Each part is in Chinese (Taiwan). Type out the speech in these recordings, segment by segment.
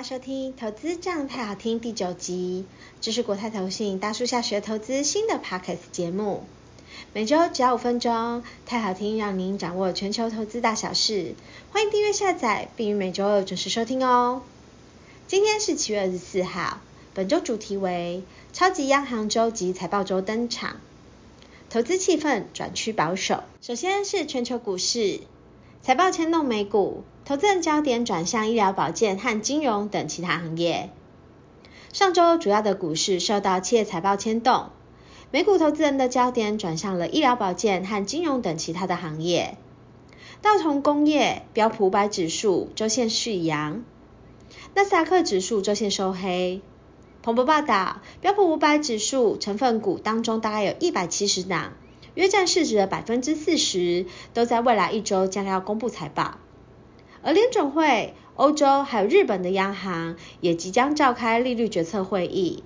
大家收聽《投資這樣泰好聽》第九集，這是國泰投信大樹下學投資新的 Podcast 節目，每週只要五分鐘，太好聽，讓您掌握全球投資大小事。歡迎訂閱下載，並於每週二準時收聽哦。今天是七月二十四號，本週主題為超級央行週及財報週登場，投資氣氛轉趨保守。首先是全球股市，財報牽動美股。投資人焦點轉向醫療保健和金融等其他行業。上周主要的股市受到企業財報牽動，美股投資人的焦點轉向了醫療保健和金融等其他的行業。道瓊工業、標普五百指數周線續揚，納斯達克指數周線收黑。彭博報道，標普五百指數成分股當中，大概有一百七十檔，約占市值的百分之四十，都在未來一周將要公布財報。而聯準會、歐洲還有日本的央行也即將召開利率決策會議，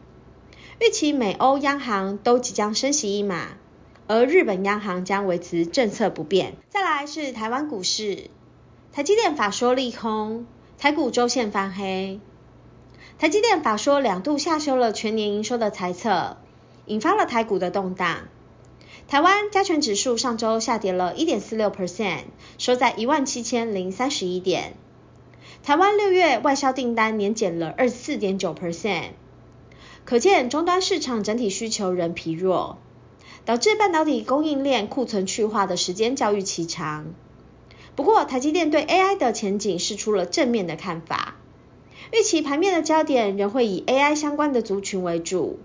預期美歐央行都即將升息一碼，而日本央行將維持政策不變。再來是台灣股市，台積電法說利空，台股週線翻黑。台積電法說兩度下修了全年營收的財測，引發了台股的動盪。台灣加權指數上周下跌了1.46%，收在17,031點。台灣六月外銷訂單年減了24.9%，可見終端市場整體需求仍疲弱，導致半導體供應鏈庫存去化的時間較預期長。不過，台積電對 AI 的前景釋出了正面的看法，預期盤面的焦點仍會以 AI 相關的族群為主。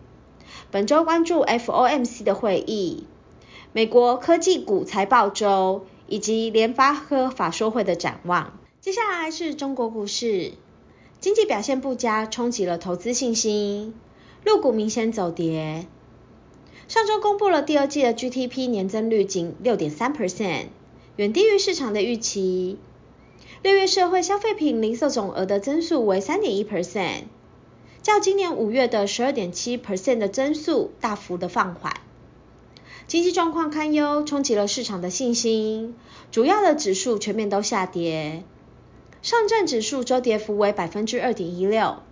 本周關注 FOMC 的會議。美國科技股財報周以及聯發科法說會的展望。接下來是中國股市，經濟表現不佳，衝擊了投資信心，陸股明顯走跌。上周公布了第二季的 GDP 年增率僅六點三 percent，遠低於市場的預期。六月社會消費品零售總額的增速為三點一 percent，較今年五月的十二點七 percent 的增速大幅的放緩。經濟狀況堪憂，衝擊了市場的信心。主要的指數全面都下跌。上證指數週跌幅為百分之二點一六，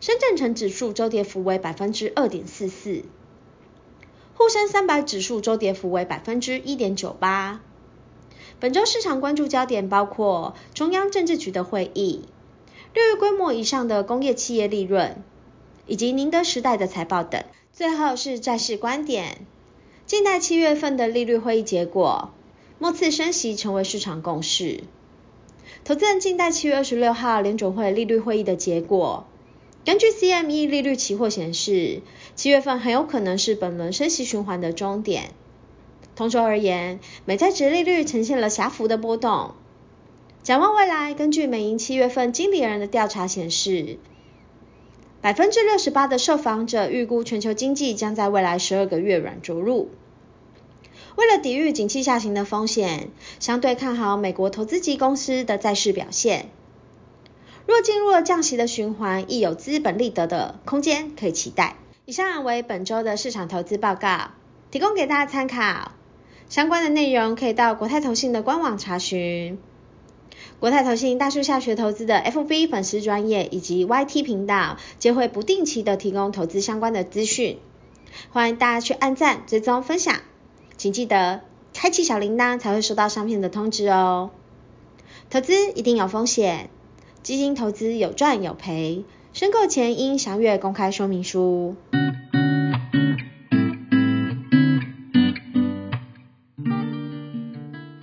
深圳成指數週跌幅為百分之二點四四，滬深三百指數週跌幅為百分之一點九八。本週市場關注焦點包括中央政治局的會議、六月規模以上的工業企業利潤，以及寧德時代的財報等。最後是債市觀點。靜待七月份的利率會議結果，末次升息成為市場共識。投資人靜待七月二十六號聯準會利率會議的結果，根據 CME 利率期貨顯示，七月份很有可能是本輪升息循環的終點。同周而言，美債殖利率呈現了狹幅的波動。展望未來，根據美銀七月份經理人的調查顯示，百分之六十八的受訪者預估全球經濟將在未來十二個月軟着陸。為了抵禦景氣下行的風險，相對看好美國投資級公司的債市表現。若進入了降息的循環，亦有資本利得的空間可以期待。以上為本週的市場投資報告，提供給大家參考。相關的內容可以到國泰投信的官網查詢。國泰投信大樹下學投資的 FB 粉絲專業以及 YT 頻道，皆會不定期的提供投資相關的資訊，歡迎大家去按讚、追蹤、分享。請記得開啟小鈴鐺，才會收到上面的通知哦。投資一定有風險，基金投資有賺有賠，申購前應詳閱公開說明書。